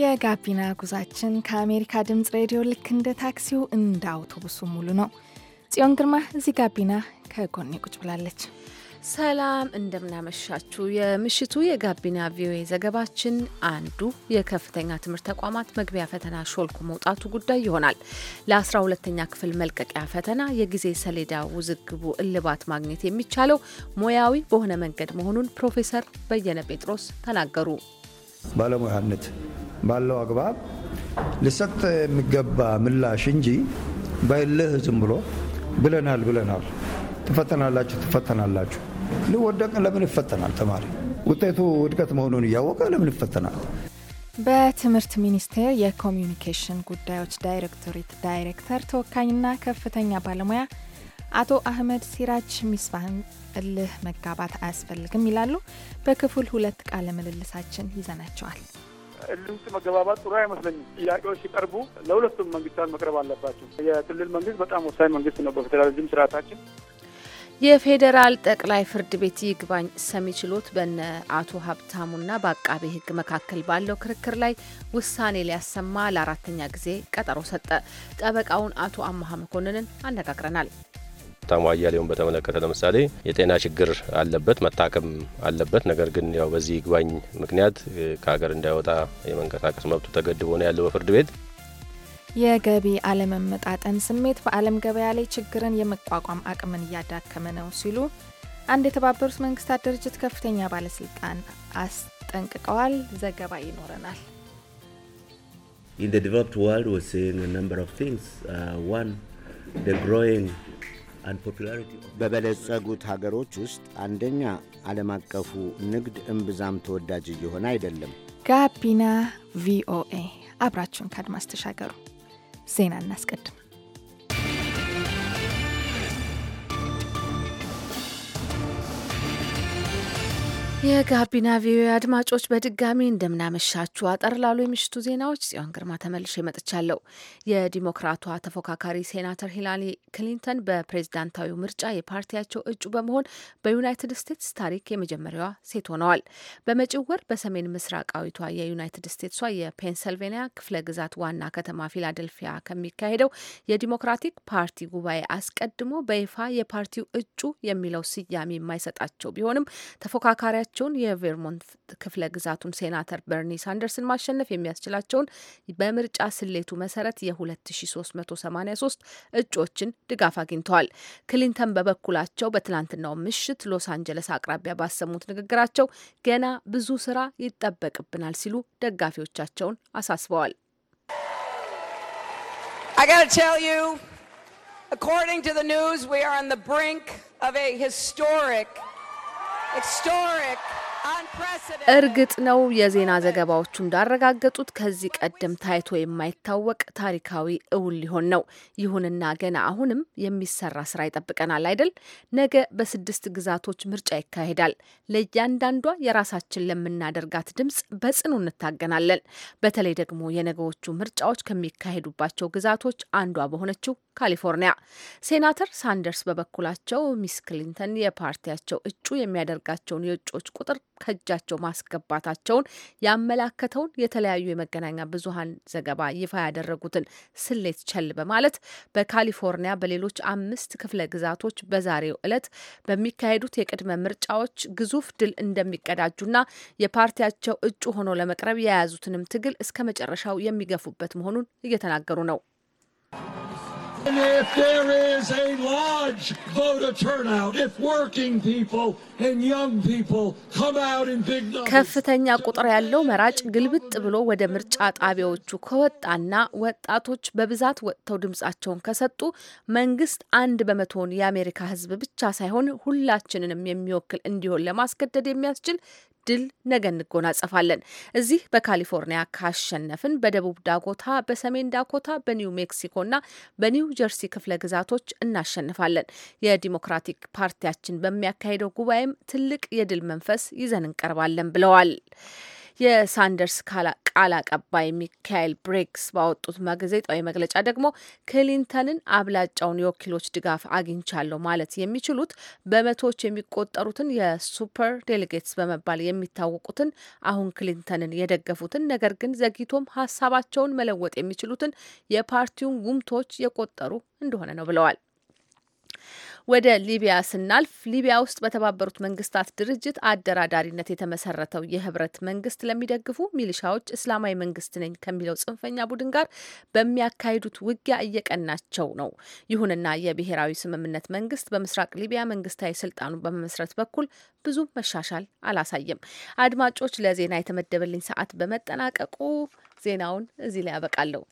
የጋቢና ጉዛችን ከአሜሪካ ድምፅ ሬዲዮ ልክ እንደ ታክሲው እንደ አውቶቡሱ ሙሉ ነው። ጽዮን ግርማ እዚህ ጋቢና ከጎኔ ቁጭ ብላለች። ሰላም እንደምናመሻችሁ። የምሽቱ የጋቢና ቪኦኤ ዘገባችን አንዱ የከፍተኛ ትምህርት ተቋማት መግቢያ ፈተና ሾልኩ መውጣቱ ጉዳይ ይሆናል። ለአስራ ሁለተኛ ክፍል መልቀቂያ ፈተና የጊዜ ሰሌዳ ውዝግቡ እልባት ማግኘት የሚቻለው ሙያዊ በሆነ መንገድ መሆኑን ፕሮፌሰር በየነ ጴጥሮስ ተናገሩ። ባለሙያነት ባለው አግባብ ልሰጥ የሚገባ ምላሽ እንጂ በእልህ ዝም ብሎ ብለናል ብለናል፣ ትፈተናላችሁ ትፈተናላችሁ ልወደቅ ለምን ይፈተናል? ተማሪ ውጤቱ ውድቀት መሆኑን እያወቀ ለምን ይፈተናል? በትምህርት ሚኒስቴር የኮሚዩኒኬሽን ጉዳዮች ዳይሬክቶሬት ዳይሬክተር ተወካይና ከፍተኛ ባለሙያ አቶ አህመድ ሲራጅ ሚስባህን እልህ መጋባት አያስፈልግም ይላሉ። በክፍል ሁለት ቃለ ምልልሳችን ይዘናቸዋል። እልም ውስጥ መገባባት ጥሩ አይመስለኝም። ጥያቄዎች ሲቀርቡ ለሁለቱም መንግስታት መቅረብ አለባቸው። የክልል መንግስት በጣም ወሳኝ መንግስት ነው በፌዴራሊዝም ስርዓታችን። የፌዴራል ጠቅላይ ፍርድ ቤት ይግባኝ ሰሚ ችሎት በነ አቶ ሀብታሙና በአቃቤ ሕግ መካከል ባለው ክርክር ላይ ውሳኔ ሊያሰማ ለአራተኛ ጊዜ ቀጠሮ ሰጠ። ጠበቃውን አቶ አመሀ መኮንንን አነጋግረናል። ሀብታሙ አያሌውን በተመለከተ ለምሳሌ የጤና ችግር አለበት፣ መታከም አለበት። ነገር ግን ያው በዚህ ይግባኝ ምክንያት ከሀገር እንዳይወጣ የመንቀሳቀስ መብቱ ተገድቦ ነው ያለው በፍርድ ቤት። የገቢ አለመመጣጠን ስሜት በዓለም ገበያ ላይ ችግርን የመቋቋም አቅምን እያዳከመ ነው ሲሉ አንድ የተባበሩት መንግስታት ድርጅት ከፍተኛ ባለስልጣን አስጠንቅቀዋል። ዘገባ ይኖረናል። In the developed world we're seeing a number of things. Uh, one, the growing በበለጸጉት ሀገሮች ውስጥ አንደኛ ዓለም አቀፉ ንግድ እምብዛም ተወዳጅ እየሆነ አይደለም። ጋቢና ቪኦኤ አብራችሁን ከአድማስ ተሻገሩ። ዜና እናስቀድም። የጋቢና ቪኦኤ አድማጮች በድጋሚ እንደምናመሻችሁ። አጠር ላሉ የምሽቱ ዜናዎች ጽዮን ግርማ ተመልሼ መጥቻለሁ። የዲሞክራቷ ተፎካካሪ ሴናተር ሂላሪ ክሊንተን በፕሬዝዳንታዊ ምርጫ የፓርቲያቸው እጩ በመሆን በዩናይትድ ስቴትስ ታሪክ የመጀመሪያዋ ሴት ሆነዋል። በመጪው ወር በሰሜን ምስራቃዊቷ የዩናይትድ ስቴትሷ የፔንሰልቬኒያ ክፍለ ግዛት ዋና ከተማ ፊላደልፊያ ከሚካሄደው የዲሞክራቲክ ፓርቲ ጉባኤ አስቀድሞ በይፋ የፓርቲው እጩ የሚለው ስያሜ የማይሰጣቸው ቢሆንም ተፎካካሪያ ያላቸውን የቬርሞንት ክፍለ ግዛቱን ሴናተር በርኒ ሳንደርስን ማሸነፍ የሚያስችላቸውን በምርጫ ስሌቱ መሰረት የ2383 እጩዎችን ድጋፍ አግኝተዋል። ክሊንተን በበኩላቸው በትናንትናው ምሽት ሎስ አንጀለስ አቅራቢያ ባሰሙት ንግግራቸው ገና ብዙ ስራ ይጠበቅብናል ሲሉ ደጋፊዎቻቸውን አሳስበዋል። According to the news, we are on the brink of a historic historic እርግጥ ነው የዜና ዘገባዎቹ እንዳረጋገጡት ከዚህ ቀደም ታይቶ የማይታወቅ ታሪካዊ እውን ሊሆን ነው። ይሁንና ገና አሁንም የሚሰራ ስራ ይጠብቀናል አይደል? ነገ በስድስት ግዛቶች ምርጫ ይካሄዳል። ለእያንዳንዷ የራሳችን ለምናደርጋት ድምፅ በጽኑ እንታገናለን። በተለይ ደግሞ የነገዎቹ ምርጫዎች ከሚካሄዱባቸው ግዛቶች አንዷ በሆነችው ካሊፎርኒያ ሴናተር ሳንደርስ በበኩላቸው ሚስ ክሊንተን የፓርቲያቸው እጩ የሚያደርጋቸውን የእጩዎች ቁጥር ከእጃቸው ማስገባታቸውን ያመላከተውን የተለያዩ የመገናኛ ብዙሀን ዘገባ ይፋ ያደረጉትን ስሌት ቸል በማለት በካሊፎርኒያ በሌሎች አምስት ክፍለ ግዛቶች በዛሬው ዕለት በሚካሄዱት የቅድመ ምርጫዎች ግዙፍ ድል እንደሚቀዳጁና የፓርቲያቸው እጩ ሆኖ ለመቅረብ የያዙትንም ትግል እስከ መጨረሻው የሚገፉበት መሆኑን እየተናገሩ ነው። And if there is a large voter turnout, if working people and young people come out in big numbers, ከፍተኛ ቁጥር ያለው መራጭ ግልብጥ ብሎ ወደ ምርጫ ጣቢያዎቹ ከወጣና ወጣቶች በብዛት ወጥተው ድምጻቸውን ከሰጡ መንግስት አንድ በመቶውን የአሜሪካ ሕዝብ ብቻ ሳይሆን ሁላችንንም የሚወክል እንዲሆን ለማስገደድ የሚያስችል ድል ነገ እንጎናጸፋለን። እዚህ በካሊፎርኒያ ካሸነፍን በደቡብ ዳኮታ፣ በሰሜን ዳኮታ፣ በኒው ሜክሲኮና በኒው ጀርሲ ክፍለ ግዛቶች እናሸንፋለን። የዲሞክራቲክ ፓርቲያችን በሚያካሄደው ጉባኤም ትልቅ የድል መንፈስ ይዘን እንቀርባለን ብለዋል። የሳንደርስ ቃል አቀባይ ሚካኤል ብሬክስ ባወጡት ጋዜጣዊ መግለጫ ደግሞ ክሊንተንን አብላጫውን የወኪሎች ድጋፍ አግኝቻለሁ ማለት የሚችሉት በመቶዎች የሚቆጠሩትን የሱፐር ዴሌጌትስ በመባል የሚታወቁትን አሁን ክሊንተንን የደገፉትን ነገር ግን ዘግይቶም ሀሳባቸውን መለወጥ የሚችሉትን የፓርቲውን ጉምቶች የቆጠሩ እንደሆነ ነው ብለዋል። ወደ ሊቢያ ስናልፍ ሊቢያ ውስጥ በተባበሩት መንግስታት ድርጅት አደራዳሪነት የተመሰረተው የህብረት መንግስት ለሚደግፉ ሚሊሻዎች እስላማዊ መንግስት ነኝ ከሚለው ጽንፈኛ ቡድን ጋር በሚያካሂዱት ውጊያ እየቀናቸው ነው። ይሁንና የብሔራዊ ስምምነት መንግስት በምስራቅ ሊቢያ መንግስታዊ ስልጣኑ በመመስረት በኩል ብዙ መሻሻል አላሳየም። አድማጮች፣ ለዜና የተመደበልኝ ሰዓት በመጠናቀቁ ዜናውን እዚህ ላይ ያበቃለሁ።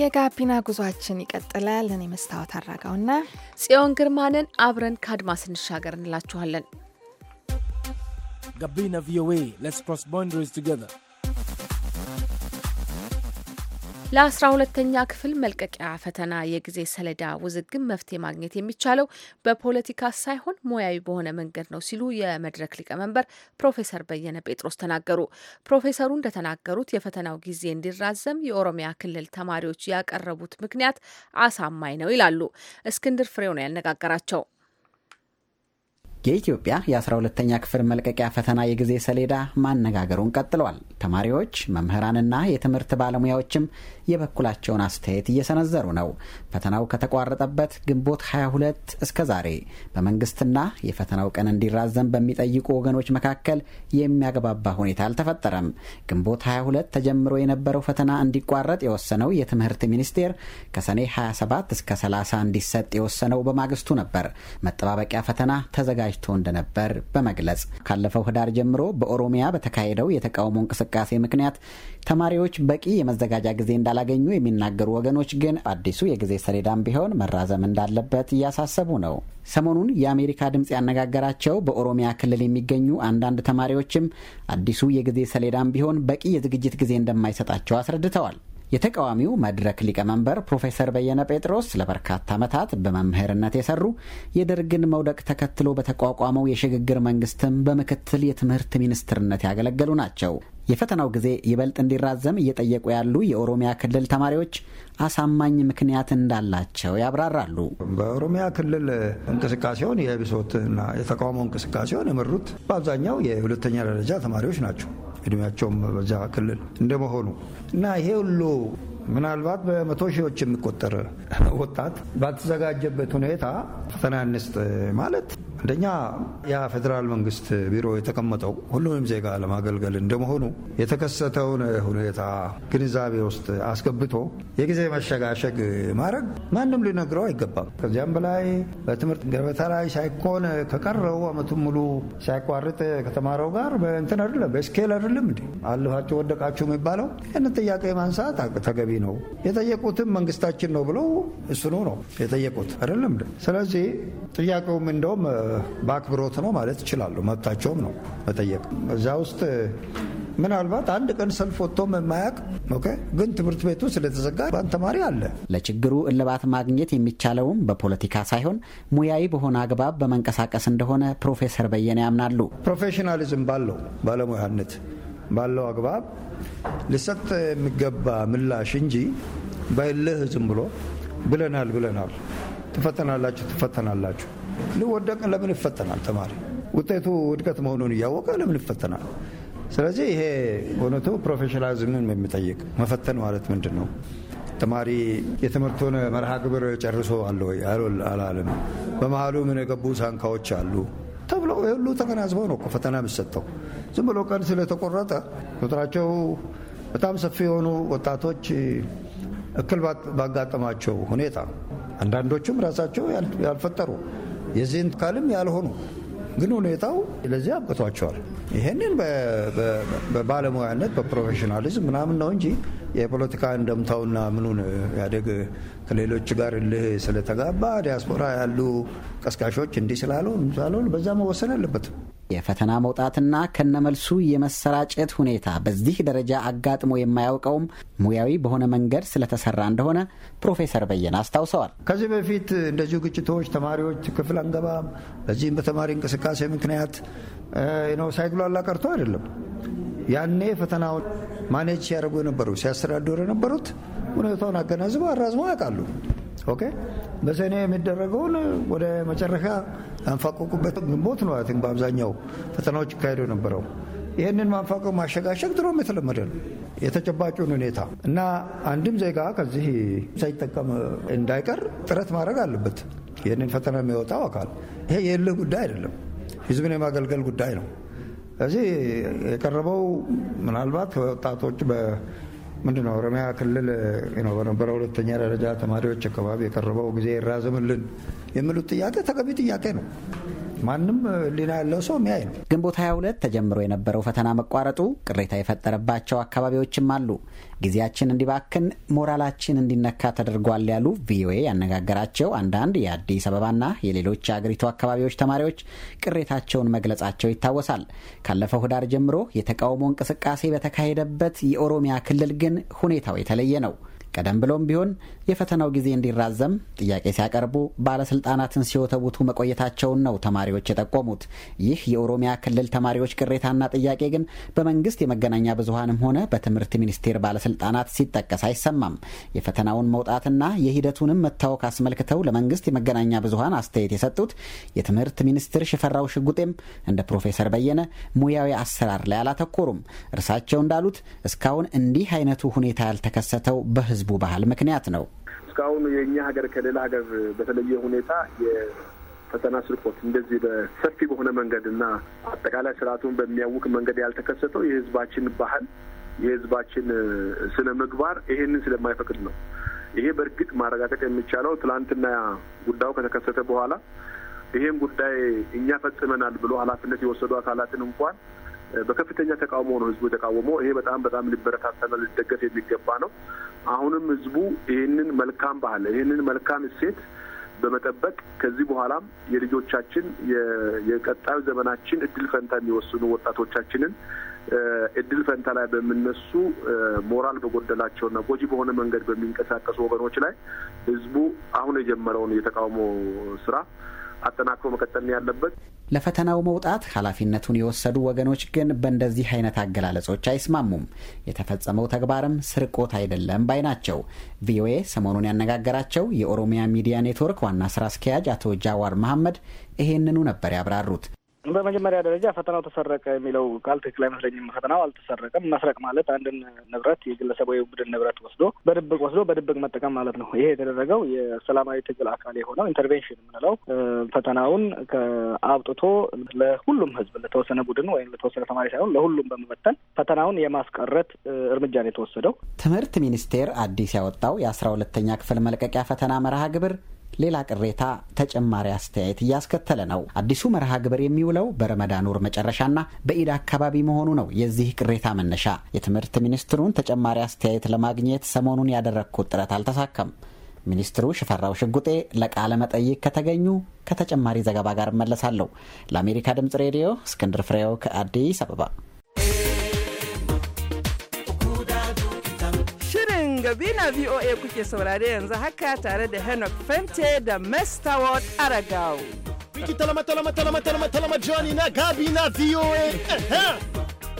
የጋቢና ጉዟችን ይቀጥላል። እኔ መስታወት አራጋውና ጽዮን ግርማንን አብረን ከአድማስ እንሻገር እንላችኋለን። ጋቢና ቪኦኤ ስ ክሮስ ባውንደሪስ ቱገር ለአስራ ሁለተኛ ክፍል መልቀቂያ ፈተና የጊዜ ሰሌዳ ውዝግብ መፍትሄ ማግኘት የሚቻለው በፖለቲካ ሳይሆን ሙያዊ በሆነ መንገድ ነው ሲሉ የመድረክ ሊቀመንበር ፕሮፌሰር በየነ ጴጥሮስ ተናገሩ። ፕሮፌሰሩ እንደተናገሩት የፈተናው ጊዜ እንዲራዘም የኦሮሚያ ክልል ተማሪዎች ያቀረቡት ምክንያት አሳማኝ ነው ይላሉ። እስክንድር ፍሬው ነው ያነጋገራቸው። የኢትዮጵያ የ12ተኛ ክፍል መልቀቂያ ፈተና የጊዜ ሰሌዳ ማነጋገሩን ቀጥሏል። ተማሪዎች፣ መምህራንና የትምህርት ባለሙያዎችም የበኩላቸውን አስተያየት እየሰነዘሩ ነው። ፈተናው ከተቋረጠበት ግንቦት 22 እስከ ዛሬ በመንግስትና የፈተናው ቀን እንዲራዘም በሚጠይቁ ወገኖች መካከል የሚያገባባ ሁኔታ አልተፈጠረም። ግንቦት 22 ተጀምሮ የነበረው ፈተና እንዲቋረጥ የወሰነው የትምህርት ሚኒስቴር ከሰኔ 27 እስከ 30 እንዲሰጥ የወሰነው በማግስቱ ነበር። መጠባበቂያ ፈተና ተዘጋጅ ተደራጅቶ እንደነበር በመግለጽ ካለፈው ህዳር ጀምሮ በኦሮሚያ በተካሄደው የተቃውሞ እንቅስቃሴ ምክንያት ተማሪዎች በቂ የመዘጋጃ ጊዜ እንዳላገኙ የሚናገሩ ወገኖች ግን አዲሱ የጊዜ ሰሌዳም ቢሆን መራዘም እንዳለበት እያሳሰቡ ነው። ሰሞኑን የአሜሪካ ድምፅ ያነጋገራቸው በኦሮሚያ ክልል የሚገኙ አንዳንድ ተማሪዎችም አዲሱ የጊዜ ሰሌዳም ቢሆን በቂ የዝግጅት ጊዜ እንደማይሰጣቸው አስረድተዋል። የተቃዋሚው መድረክ ሊቀመንበር ፕሮፌሰር በየነ ጴጥሮስ ለበርካታ ዓመታት በመምህርነት የሰሩ የደርግን መውደቅ ተከትሎ በተቋቋመው የሽግግር መንግስትም በምክትል የትምህርት ሚኒስትርነት ያገለገሉ ናቸው። የፈተናው ጊዜ ይበልጥ እንዲራዘም እየጠየቁ ያሉ የኦሮሚያ ክልል ተማሪዎች አሳማኝ ምክንያት እንዳላቸው ያብራራሉ። በኦሮሚያ ክልል እንቅስቃሴውን የብሶትና የተቃውሞ እንቅስቃሴውን የመሩት በአብዛኛው የሁለተኛ ደረጃ ተማሪዎች ናቸው። እድሜያቸውም በዛ ክልል እንደመሆኑ እና ይሄ ሁሉ ምናልባት በመቶ ሺዎች የሚቆጠር ወጣት ባልተዘጋጀበት ሁኔታ ፈተና ማለት አንደኛ የፌዴራል መንግስት ቢሮ የተቀመጠው ሁሉንም ዜጋ ለማገልገል እንደመሆኑ የተከሰተውን ሁኔታ ግንዛቤ ውስጥ አስገብቶ የጊዜ መሸጋሸግ ማድረግ ማንም ሊነግረው አይገባም። ከዚያም በላይ በትምህርት ገበታ ላይ ሳይኮን ከቀረው አመቱን ሙሉ ሳይቋርጥ ከተማረው ጋር በእንትን አይደለም፣ በስኬል አይደለም እንዲ አልፋቸው ወደቃችሁ የሚባለው ይህን ጥያቄ ማንሳት ተገቢ ነው የጠየቁትም መንግስታችን ነው ብለው እሱኑ ነው የጠየቁት አይደለም። ስለዚህ ጥያቄውም እንደውም በአክብሮት ነው ማለት ይችላሉ። መብታቸውም ነው መጠየቅ። እዛ ውስጥ ምናልባት አንድ ቀን ሰልፍ ወጥቶም የማያውቅ ግን ትምህርት ቤቱ ስለተዘጋ ባን ተማሪ አለ። ለችግሩ እልባት ማግኘት የሚቻለውም በፖለቲካ ሳይሆን ሙያዊ በሆነ አግባብ በመንቀሳቀስ እንደሆነ ፕሮፌሰር በየነ ያምናሉ። ፕሮፌሽናሊዝም ባለው ባለሙያነት ባለው አግባብ ሊሰጥ የሚገባ ምላሽ እንጂ ባይልህ ዝም ብሎ ብለናል ብለናል ትፈተናላችሁ ትፈተናላችሁ ሊወደቅ ለምን ይፈተናል ተማሪ ውጤቱ ውድቀት መሆኑን እያወቀ ለምን ይፈተናል? ስለዚህ ይሄ እውነቱ ፕሮፌሽናሊዝምን የሚጠይቅ መፈተን ማለት ምንድን ነው? ተማሪ የትምህርቱን መርሃ ግብር ጨርሶ አለ ወይ አላለም፣ በመሀሉ ምን የገቡ ሳንካዎች አሉ ተብለው ሁሉ ተገናዝበው ነው ፈተና የሚሰጠው። ዝም ብሎ ቀን ስለተቆረጠ ቁጥራቸው በጣም ሰፊ የሆኑ ወጣቶች እክል ባጋጠማቸው ሁኔታ አንዳንዶቹም ራሳቸው ያልፈጠሩ የዚህን ካልም ያልሆኑ ግን ሁኔታው ለዚህ አብቅቷቸዋል። ይህንን በባለሙያነት በፕሮፌሽናሊዝም ምናምን ነው እንጂ የፖለቲካ እንደምታውና ምኑን ያደግ ከሌሎች ጋር ልህ ስለተጋባ ዲያስፖራ ያሉ ቀስቃሾች እንዲህ ስላሉ ስላሉ በዛ መወሰን አለበት። የፈተና መውጣትና ከነመልሱ የመሰራጨት ሁኔታ በዚህ ደረጃ አጋጥሞ የማያውቀውም ሙያዊ በሆነ መንገድ ስለተሰራ እንደሆነ ፕሮፌሰር በየነ አስታውሰዋል። ከዚህ በፊት እንደዚሁ ግጭቶች፣ ተማሪዎች ክፍል አንገባም፣ በዚህም በተማሪ እንቅስቃሴ ምክንያት ነው ሳይግሏላ ቀርቶ አይደለም ያኔ ፈተናውን ማኔጅ ሲያደርጉ የነበሩ ሲያስተዳድሩ የነበሩት ሁኔታውን አገናዝበው አራዝመው ያውቃሉ። ኦኬ በሰኔ የሚደረገውን ወደ መጨረሻ ያንፋቀቁበት ግንቦት ነው ቲንክ በአብዛኛው ፈተናዎች ይካሄዱ የነበረው። ይህንን ማንፋቀቅ ማሸጋሸግ ድሮም የተለመደ ነው። የተጨባጩን ሁኔታ እና አንድም ዜጋ ከዚህ ሳይጠቀም እንዳይቀር ጥረት ማድረግ አለበት። ይህንን ፈተና የሚወጣው አካል ይሄ የእልህ ጉዳይ አይደለም፣ ህዝብን የማገልገል ጉዳይ ነው። እዚህ የቀረበው ምናልባት ወጣቶች ምንድን ነው ኦሮሚያ ክልል በነበረ ሁለተኛ ደረጃ ተማሪዎች አካባቢ የቀረበው ጊዜ ይራዘምልን የሚሉት ጥያቄ ተገቢ ጥያቄ ነው። ማንም ሊና ያለው ሰው ሚያይ ነው። ግንቦት 22 ተጀምሮ የነበረው ፈተና መቋረጡ ቅሬታ የፈጠረባቸው አካባቢዎችም አሉ። ጊዜያችን እንዲባክን፣ ሞራላችን እንዲነካ ተደርጓል ያሉ ቪኦኤ ያነጋገራቸው አንዳንድ የአዲስ አበባና የሌሎች የአገሪቱ አካባቢዎች ተማሪዎች ቅሬታቸውን መግለጻቸው ይታወሳል። ካለፈው ህዳር ጀምሮ የተቃውሞ እንቅስቃሴ በተካሄደበት የኦሮሚያ ክልል ግን ሁኔታው የተለየ ነው። ቀደም ብሎም ቢሆን የፈተናው ጊዜ እንዲራዘም ጥያቄ ሲያቀርቡ ባለስልጣናትን ሲወተውቱ መቆየታቸውን ነው ተማሪዎች የጠቆሙት። ይህ የኦሮሚያ ክልል ተማሪዎች ቅሬታና ጥያቄ ግን በመንግስት የመገናኛ ብዙሀንም ሆነ በትምህርት ሚኒስቴር ባለስልጣናት ሲጠቀስ አይሰማም። የፈተናውን መውጣትና የሂደቱንም መታወክ አስመልክተው ለመንግስት የመገናኛ ብዙሀን አስተያየት የሰጡት የትምህርት ሚኒስትር ሽፈራው ሽጉጤም እንደ ፕሮፌሰር በየነ ሙያዊ አሰራር ላይ አላተኮሩም። እርሳቸው እንዳሉት እስካሁን እንዲህ አይነቱ ሁኔታ ያልተከሰተው በህዝብ የህዝቡ ባህል ምክንያት ነው። እስካሁን የእኛ ሀገር ከሌላ ሀገር በተለየ ሁኔታ ፈተና ስርቆት እንደዚህ በሰፊ በሆነ መንገድ እና አጠቃላይ ስርዓቱን በሚያውቅ መንገድ ያልተከሰተው የህዝባችን ባህል የህዝባችን ስነ ምግባር ይሄንን ስለማይፈቅድ ነው። ይሄ በእርግጥ ማረጋገጥ የሚቻለው ትላንትና ጉዳዩ ከተከሰተ በኋላ ይሄን ጉዳይ እኛ ፈጽመናል ብሎ ኃላፊነት የወሰዱ አካላትን እንኳን በከፍተኛ ተቃውሞ ነው ህዝቡ የተቃወመው። ይሄ በጣም በጣም ሊበረታታና ሊደገፍ የሚገባ ነው። አሁንም ህዝቡ ይህንን መልካም ባህል ይህንን መልካም እሴት በመጠበቅ ከዚህ በኋላም የልጆቻችን የቀጣዩ ዘመናችን እድል ፈንታ የሚወስኑ ወጣቶቻችንን እድል ፈንታ ላይ በሚነሱ ሞራል በጎደላቸውና ጎጂ በሆነ መንገድ በሚንቀሳቀሱ ወገኖች ላይ ህዝቡ አሁን የጀመረውን የተቃውሞ ስራ አጠናክሮ መቀጠል ያለበት። ለፈተናው መውጣት ኃላፊነቱን የወሰዱ ወገኖች ግን በእንደዚህ አይነት አገላለጾች አይስማሙም። የተፈጸመው ተግባርም ስርቆት አይደለም ባይ ናቸው። ቪኦኤ ሰሞኑን ያነጋገራቸው የኦሮሚያ ሚዲያ ኔትወርክ ዋና ስራ አስኪያጅ አቶ ጃዋር መሐመድ ይሄንኑ ነበር ያብራሩት። በመጀመሪያ ደረጃ ፈተናው ተሰረቀ የሚለው ቃል ትክክል አይመስለኝም። ፈተናው አልተሰረቀም። መስረቅ ማለት አንድን ንብረት የግለሰብ ወይ ቡድን ንብረት ወስዶ በድብቅ ወስዶ በድብቅ መጠቀም ማለት ነው። ይሄ የተደረገው የሰላማዊ ትግል አካል የሆነው ኢንተርቬንሽን የምንለው ፈተናውን አውጥቶ ለሁሉም ህዝብ፣ ለተወሰነ ቡድን ወይም ለተወሰነ ተማሪ ሳይሆን ለሁሉም በመበተን ፈተናውን የማስቀረት እርምጃ ነው የተወሰደው። ትምህርት ሚኒስቴር አዲስ ያወጣው የአስራ ሁለተኛ ክፍል መልቀቂያ ፈተና መርሃ ግብር ሌላ ቅሬታ፣ ተጨማሪ አስተያየት እያስከተለ ነው። አዲሱ መርሃ ግብር የሚውለው በረመዳን ወር መጨረሻና በኢድ አካባቢ መሆኑ ነው የዚህ ቅሬታ መነሻ። የትምህርት ሚኒስትሩን ተጨማሪ አስተያየት ለማግኘት ሰሞኑን ያደረግኩት ጥረት አልተሳካም። ሚኒስትሩ ሽፈራው ሽጉጤ ለቃለ መጠይቅ ከተገኙ ከተጨማሪ ዘገባ ጋር እመለሳለሁ። ለአሜሪካ ድምጽ ሬዲዮ እስክንድር ፍሬው ከአዲስ አበባ Gabina VOA kuke saurare yanzu haka tare da Henok Fente da Ward Aragao. Wiki talama talama talama talama talama Johnny na Gabina VOA.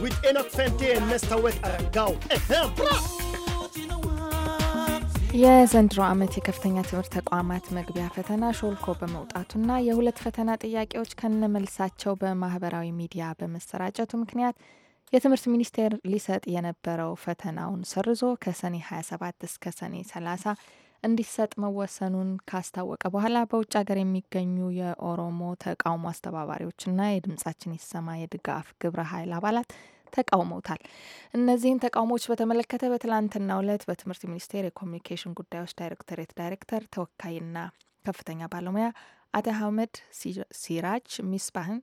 With Henok Fente and Ward Aragao. የዘንድሮ ዓመት የከፍተኛ ትምህርት ተቋማት መግቢያ ፈተና ሾልኮ በመውጣቱና የሁለት ፈተና ጥያቄዎች ከነመልሳቸው በማህበራዊ ሚዲያ በመሰራጨቱ ምክንያት የትምህርት ሚኒስቴር ሊሰጥ የነበረው ፈተናውን ሰርዞ ከሰኔ 27 እስከ ሰኔ 30 እንዲሰጥ መወሰኑን ካስታወቀ በኋላ በውጭ ሀገር የሚገኙ የኦሮሞ ተቃውሞ አስተባባሪዎችና የድምጻችን ይሰማ የድጋፍ ግብረ ኃይል አባላት ተቃውመውታል። እነዚህን ተቃውሞዎች በተመለከተ በትላንትናው ዕለት በትምህርት ሚኒስቴር የኮሚኒኬሽን ጉዳዮች ዳይሬክቶሬት ዳይሬክተር ተወካይና ከፍተኛ ባለሙያ አቶ አህመድ ሲራጅ ሚስባህን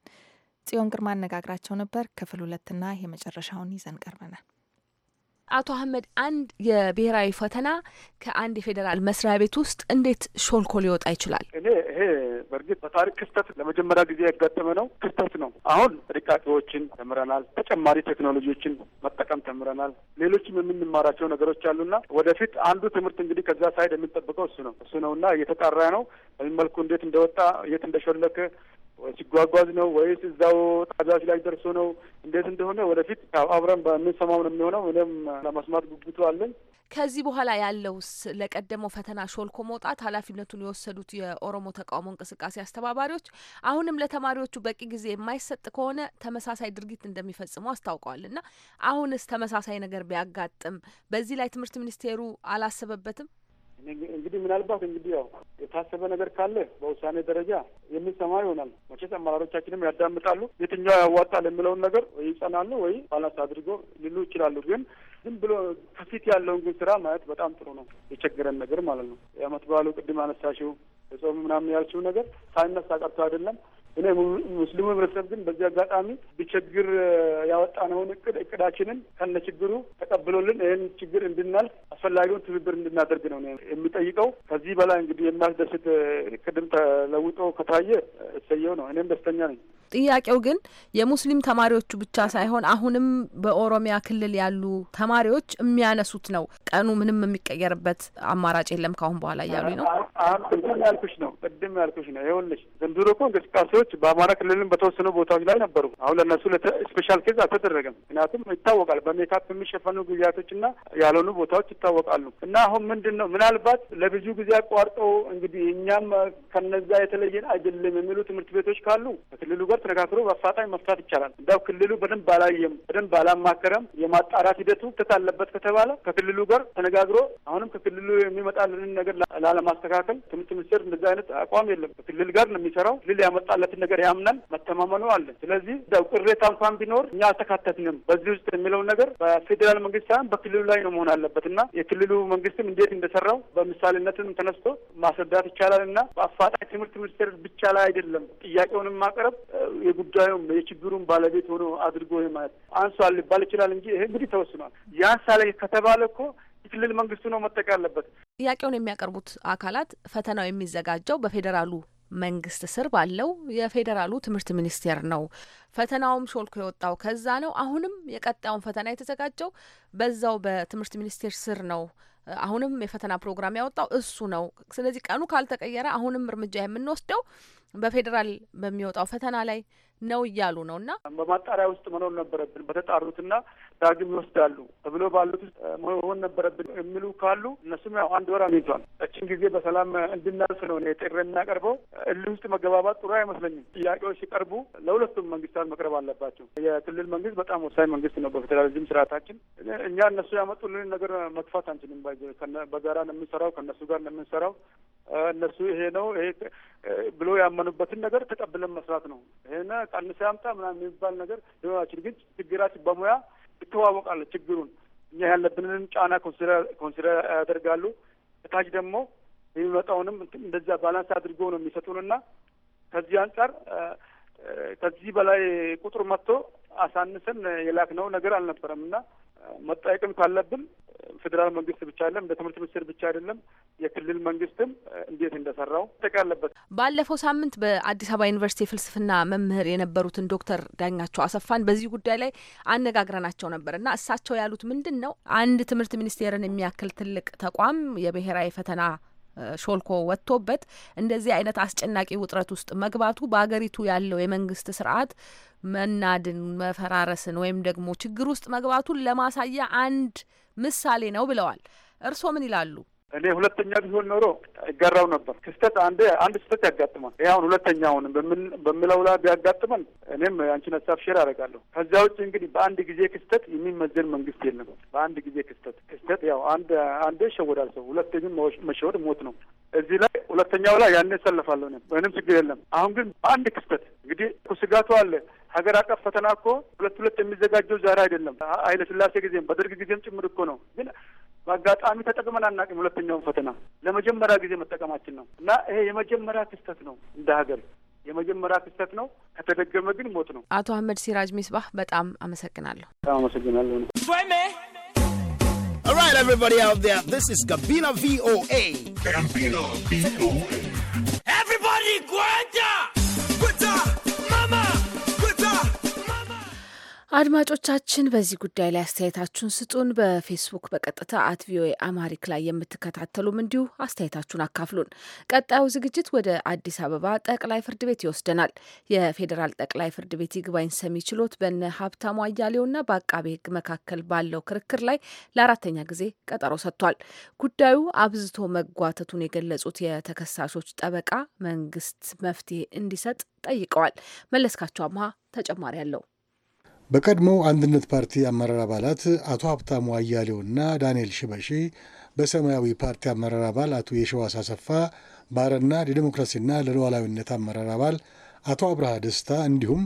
ጽዮን ግርማ አነጋግራቸው ነበር። ክፍል ሁለትና የመጨረሻውን ይዘን ቀርበናል። አቶ አህመድ አንድ የብሔራዊ ፈተና ከአንድ የፌዴራል መስሪያ ቤት ውስጥ እንዴት ሾልኮ ሊወጣ ይችላል? እኔ ይሄ በእርግጥ በታሪክ ክስተት ለመጀመሪያ ጊዜ ያጋጠመ ነው ክስተት ነው። አሁን ጥንቃቄዎችን ተምረናል፣ ተጨማሪ ቴክኖሎጂዎችን መጠቀም ተምረናል። ሌሎችም የምንማራቸው ነገሮች አሉና ወደፊት አንዱ ትምህርት እንግዲህ ከዛ ሳይድ የምንጠብቀው እሱ ነው እሱ ነው እና እየተጣራ ነው በሚመልኩ እንዴት እንደወጣ የት እንደሾለከ ሲጓጓዝ ነው ወይስ እዛው ጣቢያዎች ላይ ደርሶ ነው? እንዴት እንደሆነ ወደፊት አብረን በምንሰማው ነው የሚሆነው። እኔም ለመስማት ጉጉቱ አለኝ። ከዚህ በኋላ ያለውስ ለቀደመው ፈተና ሾልኮ መውጣት ኃላፊነቱን የወሰዱት የኦሮሞ ተቃውሞ እንቅስቃሴ አስተባባሪዎች አሁንም ለተማሪዎቹ በቂ ጊዜ የማይሰጥ ከሆነ ተመሳሳይ ድርጊት እንደሚፈጽሙ አስታውቀዋል እና አሁንስ ተመሳሳይ ነገር ቢያጋጥም በዚህ ላይ ትምህርት ሚኒስቴሩ አላሰበበትም? እንግዲህ ምናልባት እንግዲህ ያው የታሰበ ነገር ካለ በውሳኔ ደረጃ የምንሰማ ይሆናል። መቼት አመራሮቻችንም ያዳምጣሉ። የትኛው ያዋጣል የሚለውን ነገር ወይ ይጸናሉ ወይ ባላንስ አድርጎ ሊሉ ይችላሉ። ግን ዝም ብሎ ከፊት ያለውን ግን ስራ ማየት በጣም ጥሩ ነው። የቸገረን ነገር ማለት ነው። የአመት በዓሉ ቅድም አነሳሽው የጾም ምናምን ያልችው ነገር ሳይነሳ ቀርቶ አይደለም እኔ ሙስሊሙ ህብረተሰብ ግን በዚህ አጋጣሚ ብችግር ያወጣነውን እቅድ እቅዳችንን ከነ ችግሩ ተቀብሎልን ይህን ችግር እንድናልፍ አስፈላጊውን ትብብር እንድናደርግ ነው የሚጠይቀው። ከዚህ በላይ እንግዲህ የማስደስት ቅድም ተለውጦ ከታየ እሰየው ነው። እኔም ደስተኛ ነኝ። ጥያቄው ግን የሙስሊም ተማሪዎቹ ብቻ ሳይሆን አሁንም በኦሮሚያ ክልል ያሉ ተማሪዎች የሚያነሱት ነው። ቀኑ ምንም የሚቀየርበት አማራጭ የለም ካሁን በኋላ እያሉኝ ነው። ቅድም ያልኩሽ ነው ቅድም ያልኩሽ ነው። ይኸውልሽ ዘንድሮ እኮ እንቅስቃሴዎች በአማራ ክልልም በተወሰኑ ቦታዎች ላይ ነበሩ። አሁን ለእነሱ ስፔሻል ኬዝ አልተደረገም። ምክንያቱም ይታወቃል፣ በሜካፕ የሚሸፈኑ ጊዜያቶች እና ያልሆኑ ቦታዎች ይታወቃሉ። እና አሁን ምንድን ነው ምናልባት ለብዙ ጊዜ አቋርጠው እንግዲህ እኛም ከነዛ የተለየን አይደለም የሚሉ ትምህርት ቤቶች ካሉ ከክልሉ ጋር ተነጋግሮ በአፋጣኝ መፍታት ይቻላል። እንዳው ክልሉ በደንብ አላየም፣ በደንብ አላማከረም። የማጣራት ሂደቱ ክት አለበት ከተባለ ከክልሉ ጋር ተነጋግሮ አሁንም ከክልሉ የሚመጣልንን ነገር ላለማስተካከል ትምህርት ሚኒስቴር እንደዚህ አይነት አቋም የለም። ከክልል ጋር ነው የሚሰራው። ክልል ያመጣለትን ነገር ያምናል፣ መተማመኑ አለን። ስለዚህ ው ቅሬታ እንኳን ቢኖር እኛ አልተካተትንም በዚህ ውስጥ የሚለውን ነገር በፌዴራል መንግስት ሳይሆን በክልሉ ላይ ነው መሆን አለበት እና የክልሉ መንግስትም እንዴት እንደሰራው በምሳሌነትም ተነስቶ ማስረዳት ይቻላል እና በአፋጣኝ ትምህርት ሚኒስቴር ብቻ ላይ አይደለም ጥያቄውንም ማቅረብ የጉዳዩም የችግሩም ባለቤት ሆኖ አድርጎ ማለት አንሷል ሊባል ይችላል እንጂ ይሄ እንግዲህ ተወስኗል። ያንሳለ ከተባለ እኮ የክልል መንግስቱ ነው መጠቀ ያለበት። ጥያቄውን የሚያቀርቡት አካላት ፈተናው የሚዘጋጀው በፌዴራሉ መንግስት ስር ባለው የፌዴራሉ ትምህርት ሚኒስቴር ነው። ፈተናውም ሾልኮ የወጣው ከዛ ነው። አሁንም የቀጣዩን ፈተና የተዘጋጀው በዛው በትምህርት ሚኒስቴር ስር ነው አሁንም የፈተና ፕሮግራም ያወጣው እሱ ነው። ስለዚህ ቀኑ ካልተቀየረ አሁንም እርምጃ የምንወስደው በፌዴራል በሚወጣው ፈተና ላይ ነው እያሉ ነው። እና በማጣሪያ ውስጥ መኖር ነበረብን በተጣሩትና ዳግም ይወስዳሉ ተብሎ ባሉት ውስጥ መሆን ነበረብን የሚሉ ካሉ እነሱም ያው አንድ ወር አግኝቷል። እችን ጊዜ በሰላም እንድናልፍ ነው ጥሪ የምናቀርበው። እልህ ውስጥ መገባባት ጥሩ አይመስለኝም። ጥያቄዎች ሲቀርቡ ለሁለቱም መንግስታት መቅረብ አለባቸው። የክልል መንግስት በጣም ወሳኝ መንግስት ነው በፌዴራሊዝም ስርዓታችን። እኛ እነሱ ያመጡልን ነገር መግፋት አንችልም። በጋራ ነው የምንሰራው፣ ከእነሱ ጋር ነው የምንሰራው። እነሱ ይሄ ነው ይሄ ብሎ ያመኑበትን ነገር ተቀብለን መስራት ነው። ይህን ቀንሰ ያምጣ ምናምን የሚባል ነገር ሊሆናችን ግን ችግራችን በሙያ ይተዋወቃል ችግሩን እኛ ያለብንንም ጫና ኮንሲደር ያደርጋሉ። እታች ደግሞ የሚመጣውንም እንደዚያ ባላንስ አድርጎ ነው የሚሰጡንና ከዚህ አንጻር ከዚህ በላይ ቁጥር መጥቶ አሳንሰን የላክነው ነገር አልነበረም እና መጠየቅም ካለብን ፌዴራል መንግስት ብቻ አይደለም፣ እንደ ትምህርት ሚኒስቴር ብቻ አይደለም፣ የክልል መንግስትም እንዴት እንደሰራው ጠቅ ባለፈው ሳምንት በአዲስ አበባ ዩኒቨርሲቲ የፍልስፍና መምህር የነበሩትን ዶክተር ዳኛቸው አሰፋን በዚህ ጉዳይ ላይ አነጋግረናቸው ነበር እና እሳቸው ያሉት ምንድን ነው አንድ ትምህርት ሚኒስቴርን የሚያክል ትልቅ ተቋም የብሔራዊ ፈተና ሾልኮ ወጥቶበት እንደዚህ አይነት አስጨናቂ ውጥረት ውስጥ መግባቱ በሀገሪቱ ያለው የመንግስት ስርዓት መናድን፣ መፈራረስን ወይም ደግሞ ችግር ውስጥ መግባቱን ለማሳያ አንድ ምሳሌ ነው ብለዋል። እርስዎ ምን ይላሉ? እኔ ሁለተኛ ቢሆን ኖሮ ይጋራው ነበር። ክስተት አንድ አንድ ስህተት ያጋጥማል። ይህ አሁን ሁለተኛውን በምለው ላይ ቢያጋጥመን እኔም አንቺን ሀሳብ ሼር አደርጋለሁ። ከዚያ ውጭ እንግዲህ በአንድ ጊዜ ክስተት የሚመዘን መንግስት የለም። በአንድ ጊዜ ክስተት ክስተት ያው አንድ አንዴ ይሸወዳል ሰው፣ ሁለተኛም መሸወድ ሞት ነው። እዚህ ላይ ሁለተኛው ላይ ያኔ እሰለፋለሁ እኔም ምንም ችግር የለም። አሁን ግን በአንድ ክስተት እንግዲህ ስጋቱ አለ። ሀገር አቀፍ ፈተና እኮ ሁለት ሁለት የሚዘጋጀው ዛሬ አይደለም። ኃይለ ሥላሴ ጊዜም በደርግ ጊዜም ጭምር እኮ ነው ግን በአጋጣሚ ተጠቅመን አናውቅም። ሁለተኛውን ፈተና ለመጀመሪያ ጊዜ መጠቀማችን ነው እና ይሄ የመጀመሪያ ክስተት ነው እንደ ሀገር የመጀመሪያ ክስተት ነው። ከተደገመ ግን ሞት ነው። አቶ አህመድ ሲራጅ ሚስባህ በጣም አመሰግናለሁ። በጣም አመሰግናለሁ። All right, everybody out there, this is Gabina VOA. Gabina VOA. አድማጮቻችን በዚህ ጉዳይ ላይ አስተያየታችሁን ስጡን። በፌስቡክ በቀጥታ አት ቪኦኤ አማሪክ ላይ የምትከታተሉም እንዲሁ አስተያየታችሁን አካፍሉን። ቀጣዩ ዝግጅት ወደ አዲስ አበባ ጠቅላይ ፍርድ ቤት ይወስደናል። የፌዴራል ጠቅላይ ፍርድ ቤት ይግባኝ ሰሚ ችሎት በነ ሀብታሙ አያሌውና በአቃቤ ሕግ መካከል ባለው ክርክር ላይ ለአራተኛ ጊዜ ቀጠሮ ሰጥቷል። ጉዳዩ አብዝቶ መጓተቱን የገለጹት የተከሳሾች ጠበቃ መንግስት መፍትሄ እንዲሰጥ ጠይቀዋል። መለስካቸው አምሃ ተጨማሪ አለው። በቀድሞ አንድነት ፓርቲ አመራር አባላት አቶ ሀብታሙ አያሌውና ዳንኤል ሽበሺ፣ በሰማያዊ ፓርቲ አመራር አባል አቶ የሸዋስ አሰፋ፣ ባረና ለዲሞክራሲና ለሉዓላዊነት አመራር አባል አቶ አብርሃ ደስታ እንዲሁም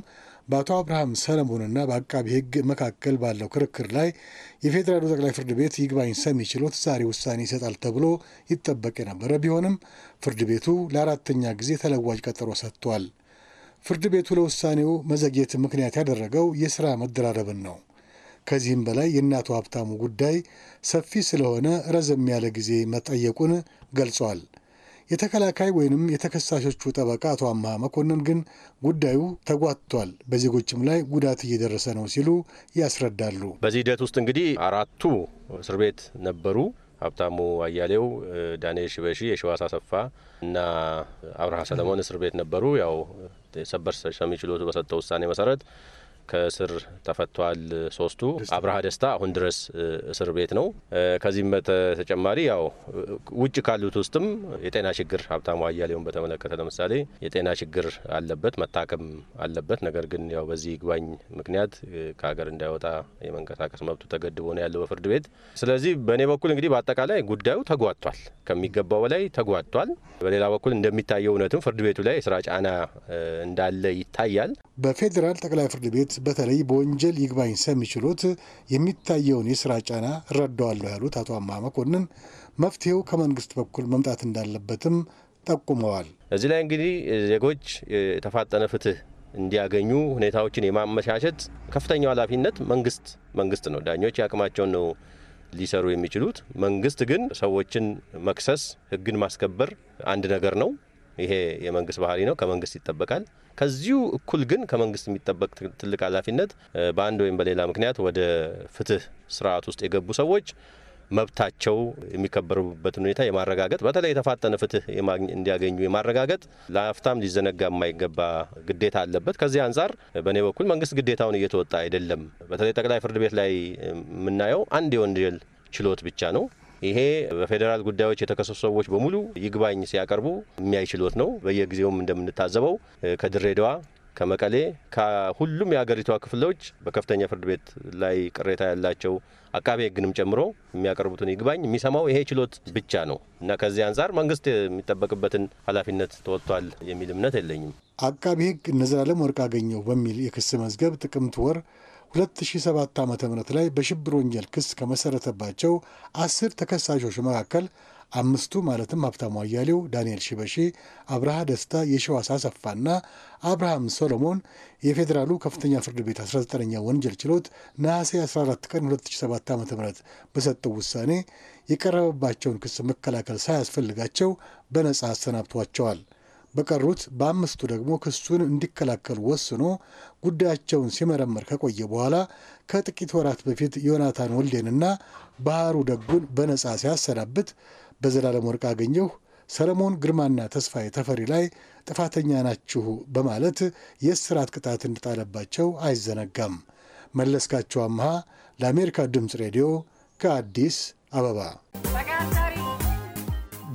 በአቶ አብርሃም ሰለሞንና በአቃቢ ሕግ መካከል ባለው ክርክር ላይ የፌዴራሉ ጠቅላይ ፍርድ ቤት ይግባኝ ሰሚ ችሎት ዛሬ ውሳኔ ይሰጣል ተብሎ ይጠበቅ የነበረ ቢሆንም ፍርድ ቤቱ ለአራተኛ ጊዜ ተለዋጭ ቀጠሮ ሰጥቷል። ፍርድ ቤቱ ለውሳኔው መዘግየት ምክንያት ያደረገው የሥራ መደራረብን ነው። ከዚህም በላይ የእናቱ ሀብታሙ ጉዳይ ሰፊ ስለሆነ ረዘም ያለ ጊዜ መጠየቁን ገልጿል። የተከላካይ ወይንም የተከሳሾቹ ጠበቃ አቶ አምሃ መኮንን ግን ጉዳዩ ተጓትቷል፣ በዜጎችም ላይ ጉዳት እየደረሰ ነው ሲሉ ያስረዳሉ። በዚህ ሂደት ውስጥ እንግዲህ አራቱ እስር ቤት ነበሩ። ሀብታሙ አያሌው፣ ዳንኤል ሽበሺ፣ የሸዋስ አሰፋ እና አብርሃ ሰለሞን እስር ቤት ነበሩ። ያው te sabbarsashami chulotu basatto ussane masarat ከእስር ተፈቷል። ሶስቱ አብርሃ ደስታ አሁን ድረስ እስር ቤት ነው። ከዚህም በተጨማሪ ያው ውጭ ካሉት ውስጥም የጤና ችግር ሀብታሙ አያሌውን በተመለከተ ለምሳሌ የጤና ችግር አለበት፣ መታከም አለበት። ነገር ግን ያው በዚህ ይግባኝ ምክንያት ከሀገር እንዳይወጣ የመንቀሳቀስ መብቱ ተገድቦ ነው ያለው በፍርድ ቤት። ስለዚህ በእኔ በኩል እንግዲህ በአጠቃላይ ጉዳዩ ተጓቷል፣ ከሚገባው በላይ ተጓቷል። በሌላ በኩል እንደሚታየው እውነትም ፍርድ ቤቱ ላይ የስራ ጫና እንዳለ ይታያል። በፌዴራል ጠቅላይ ፍርድ ቤት በተለይ በወንጀል ይግባኝ ሰሚ ችሎት የሚታየውን የስራ ጫና እረዳዋለሁ ያሉት አቶ አማ መኮንን መፍትሄው ከመንግስት በኩል መምጣት እንዳለበትም ጠቁመዋል። እዚህ ላይ እንግዲህ ዜጎች የተፋጠነ ፍትህ እንዲያገኙ ሁኔታዎችን የማመቻቸት ከፍተኛው ኃላፊነት መንግስት መንግስት ነው። ዳኞች የአቅማቸውን ነው ሊሰሩ የሚችሉት። መንግስት ግን ሰዎችን መክሰስ፣ ህግን ማስከበር አንድ ነገር ነው። ይሄ የመንግስት ባህሪ ነው፣ ከመንግስት ይጠበቃል። ከዚሁ እኩል ግን ከመንግስት የሚጠበቅ ትልቅ ኃላፊነት በአንድ ወይም በሌላ ምክንያት ወደ ፍትህ ስርዓት ውስጥ የገቡ ሰዎች መብታቸው የሚከበሩበትን ሁኔታ የማረጋገጥ በተለይ የተፋጠነ ፍትህ እንዲያገኙ የማረጋገጥ ለአፍታም ሊዘነጋ የማይገባ ግዴታ አለበት። ከዚህ አንጻር በእኔ በኩል መንግስት ግዴታውን እየተወጣ አይደለም። በተለይ ጠቅላይ ፍርድ ቤት ላይ የምናየው አንድ የወንጀል ችሎት ብቻ ነው። ይሄ በፌዴራል ጉዳዮች የተከሰሱ ሰዎች በሙሉ ይግባኝ ሲያቀርቡ የሚያይችሎት ነው። በየጊዜውም እንደምንታዘበው ከድሬዳዋ ከመቀሌ ከሁሉም የሀገሪቷ ክፍሎች በከፍተኛ ፍርድ ቤት ላይ ቅሬታ ያላቸው አቃቤ ሕግንም ጨምሮ የሚያቀርቡትን ይግባኝ የሚሰማው ይሄ ችሎት ብቻ ነው እና ከዚህ አንጻር መንግስት የሚጠበቅበትን ኃላፊነት ተወጥቷል የሚል እምነት የለኝም። አቃቤ ሕግ እነ ዘላለም ወርቅ አገኘው በሚል የክስ መዝገብ ጥቅምት ወር 2007 ዓ ም ላይ በሽብር ወንጀል ክስ ከመሰረተባቸው አስር ተከሳሾች መካከል አምስቱ ማለትም ሀብታሙ አያሌው፣ ዳንኤል ሽበሺ፣ አብርሃ ደስታ፣ የሸዋስ አሰፋና አብርሃም ሶሎሞን የፌዴራሉ ከፍተኛ ፍርድ ቤት 19ኛ ወንጀል ችሎት ነሐሴ 14 ቀን 2007 ዓ ም በሰጠው ውሳኔ የቀረበባቸውን ክስ መከላከል ሳያስፈልጋቸው በነጻ አሰናብቷቸዋል። በቀሩት በአምስቱ ደግሞ ክሱን እንዲከላከሉ ወስኖ ጉዳያቸውን ሲመረምር ከቆየ በኋላ ከጥቂት ወራት በፊት ዮናታን ወልዴንና ባህሩ ደጉን በነፃ ሲያሰናብት በዘላለም ወርቅ አገኘሁ ሰለሞን ግርማና ተስፋዬ ተፈሪ ላይ ጥፋተኛ ናችሁ በማለት የእስራት ቅጣት እንድጣለባቸው አይዘነጋም። መለስካቸው አምሃ ለአሜሪካ ድምፅ ሬዲዮ ከአዲስ አበባ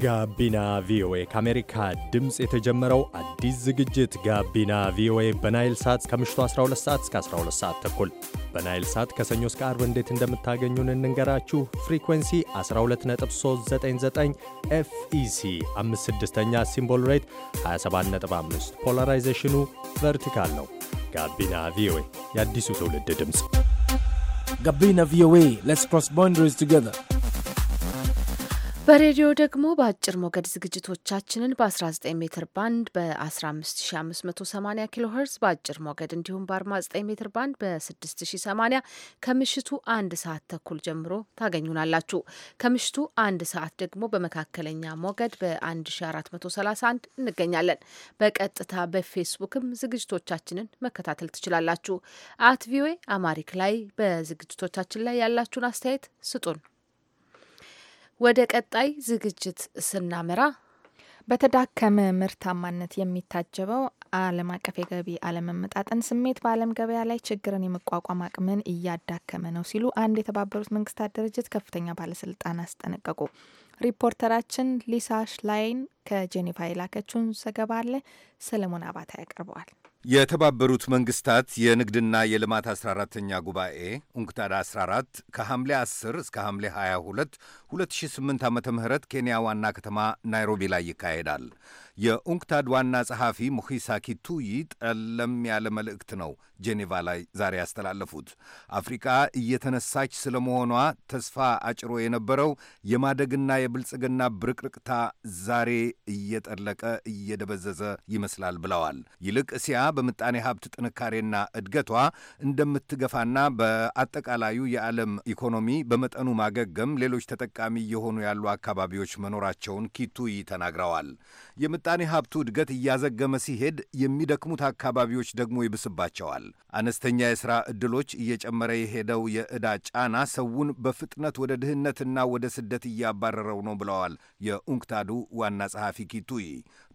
ጋቢና ቪኦኤ ከአሜሪካ ድምፅ የተጀመረው አዲስ ዝግጅት ጋቢና ቪኦኤ በናይል ሳት ከምሽቱ 12 ሰዓት እስከ 12 ሰዓት ተኩል በናይል ሳት ከሰኞ እስከ አርብ እንዴት እንደምታገኙን እንንገራችሁ። ፍሪኩንሲ 12399 ኤፍኢሲ 56ኛ ሲምቦል ሬት 275 ፖላራይዜሽኑ ቨርቲካል ነው። ጋቢና ቪኦኤ የአዲሱ ትውልድ ድምፅ ጋቢና ቪኦኤ ሌትስ ክሮስ ባውንደሪስ ቱጌዘር በሬዲዮ ደግሞ በአጭር ሞገድ ዝግጅቶቻችንን በ19 ሜትር ባንድ በ15580 ኪሎ ሄርዝ በአጭር ሞገድ እንዲሁም በ49 ሜትር ባንድ በ6080 ከምሽቱ አንድ ሰዓት ተኩል ጀምሮ ታገኙናላችሁ። ከምሽቱ አንድ ሰዓት ደግሞ በመካከለኛ ሞገድ በ1431 እንገኛለን። በቀጥታ በፌስቡክም ዝግጅቶቻችንን መከታተል ትችላላችሁ። አት ቪኦኤ አማሪክ ላይ በዝግጅቶቻችን ላይ ያላችሁን አስተያየት ስጡን። ወደ ቀጣይ ዝግጅት ስናመራ በተዳከመ ምርታማነት የሚታጀበው ዓለም አቀፍ የገቢ አለመመጣጠን ስሜት በዓለም ገበያ ላይ ችግርን የመቋቋም አቅምን እያዳከመ ነው ሲሉ አንድ የተባበሩት መንግስታት ድርጅት ከፍተኛ ባለስልጣን አስጠነቀቁ። ሪፖርተራችን ሊሳ ሽላይን ከጄኔቫ የላከችውን ዘገባ አለ። ሰለሞን አባታ ያቀርበዋል። የተባበሩት መንግስታት የንግድና የልማት 14 ተኛ ጉባኤ ኡንክታድ 14 ከሐምሌ 10 እስከ ሐምሌ 22 2008 ዓ ም ኬንያ ዋና ከተማ ናይሮቢ ላይ ይካሄዳል። የኡንክታድ ዋና ጸሐፊ ሙሂሳ ኪቱይ ጠለም ያለ መልእክት ነው ጄኔቫ ላይ ዛሬ ያስተላለፉት። አፍሪቃ እየተነሳች ስለመሆኗ ተስፋ አጭሮ የነበረው የማደግና የብልጽግና ብርቅርቅታ ዛሬ እየጠለቀ እየደበዘዘ ይመስላል ብለዋል። ይልቅ እስያ በምጣኔ ሀብት ጥንካሬና እድገቷ እንደምትገፋና በአጠቃላዩ የዓለም ኢኮኖሚ በመጠኑ ማገገም ሌሎች ተጠቃሚ እየሆኑ ያሉ አካባቢዎች መኖራቸውን ኪቱይ ተናግረዋል። የምጣኔ ሀብቱ እድገት እያዘገመ ሲሄድ የሚደክሙት አካባቢዎች ደግሞ ይብስባቸዋል። አነስተኛ የሥራ ዕድሎች፣ እየጨመረ የሄደው የዕዳ ጫና ሰውን በፍጥነት ወደ ድህነትና ወደ ስደት እያባረረው ነው ብለዋል የኡንክታዱ ዋና ጸሐፊ ኪቱይ።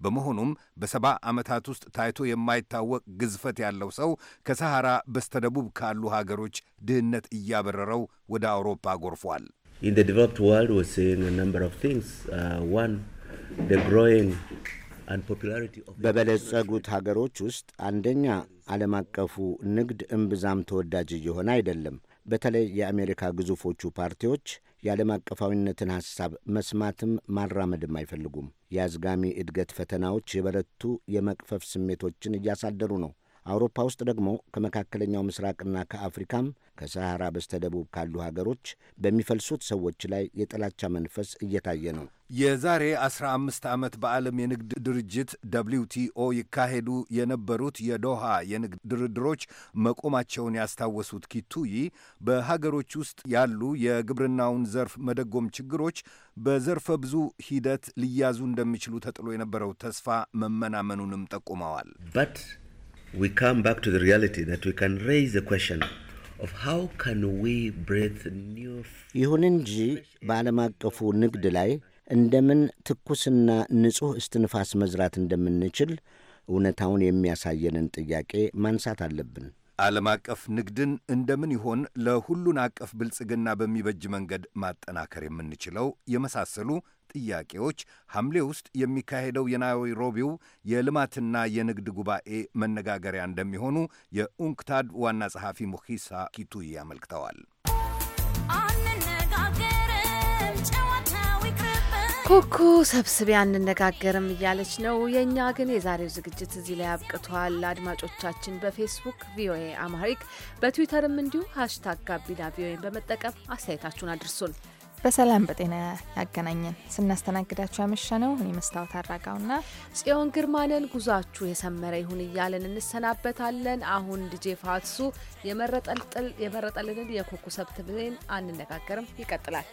በመሆኑም በሰባ ዓመታት ውስጥ ታይቶ የማይታወቅ ግዝፈት ያለው ሰው ከሰሐራ በስተደቡብ ካሉ ሀገሮች ድህነት እያበረረው ወደ አውሮፓ ጎርፏል። In the developed world, we're seeing a number of things. Uh, one, በበለጸጉት ሀገሮች ውስጥ አንደኛ ዓለም አቀፉ ንግድ እምብዛም ተወዳጅ እየሆነ አይደለም። በተለይ የአሜሪካ ግዙፎቹ ፓርቲዎች የዓለም አቀፋዊነትን ሐሳብ መስማትም ማራመድም አይፈልጉም። የአዝጋሚ እድገት ፈተናዎች የበረቱ የመቅፈፍ ስሜቶችን እያሳደሩ ነው። አውሮፓ ውስጥ ደግሞ ከመካከለኛው ምስራቅና ከአፍሪካም ከሰሃራ በስተደቡብ ካሉ ሀገሮች በሚፈልሱት ሰዎች ላይ የጥላቻ መንፈስ እየታየ ነው። የዛሬ 15 ዓመት በዓለም የንግድ ድርጅት ደብሊው ቲኦ ይካሄዱ የነበሩት የዶሃ የንግድ ድርድሮች መቆማቸውን ያስታወሱት ኪቱይ በሀገሮች ውስጥ ያሉ የግብርናውን ዘርፍ መደጎም ችግሮች በዘርፈ ብዙ ሂደት ሊያዙ እንደሚችሉ ተጥሎ የነበረው ተስፋ መመናመኑንም ጠቁመዋል። we come back to the reality that we can raise the question of how can we breathe new ይሁን እንጂ በዓለም አቀፉ ንግድ ላይ እንደምን ትኩስና ንጹሕ እስትንፋስ መዝራት እንደምንችል እውነታውን የሚያሳየንን ጥያቄ ማንሳት አለብን። ዓለም አቀፍ ንግድን እንደምን ይሆን ለሁሉን አቀፍ ብልጽግና በሚበጅ መንገድ ማጠናከር የምንችለው የመሳሰሉ ጥያቄዎች ሐምሌ ውስጥ የሚካሄደው የናይሮቢው የልማትና የንግድ ጉባኤ መነጋገሪያ እንደሚሆኑ የኡንክታድ ዋና ጸሐፊ ሙኪሳ ኪቱይ አመልክተዋል። ኩኩ ሰብስቤ አንነጋገርም እያለች ነው። የእኛ ግን የዛሬው ዝግጅት እዚህ ላይ አብቅቷል። አድማጮቻችን በፌስቡክ ቪኦኤ አማሪክ፣ በትዊተርም እንዲሁ ሀሽታግ ጋቢና ቪኦኤን በመጠቀም አስተያየታችሁን አድርሱን። በሰላም በጤና ያገናኘን። ስናስተናግዳችሁ ያመሸ ነው እኔ መስታወት አድራጋውና ጽዮን ግርማንን። ጉዟችሁ የሰመረ ይሁን እያለን እንሰናበታለን። አሁን ዲጄ ፋትሱ የመረጠልንን የኮኩሰብት ብዜን አንነጋገርም ይቀጥላል።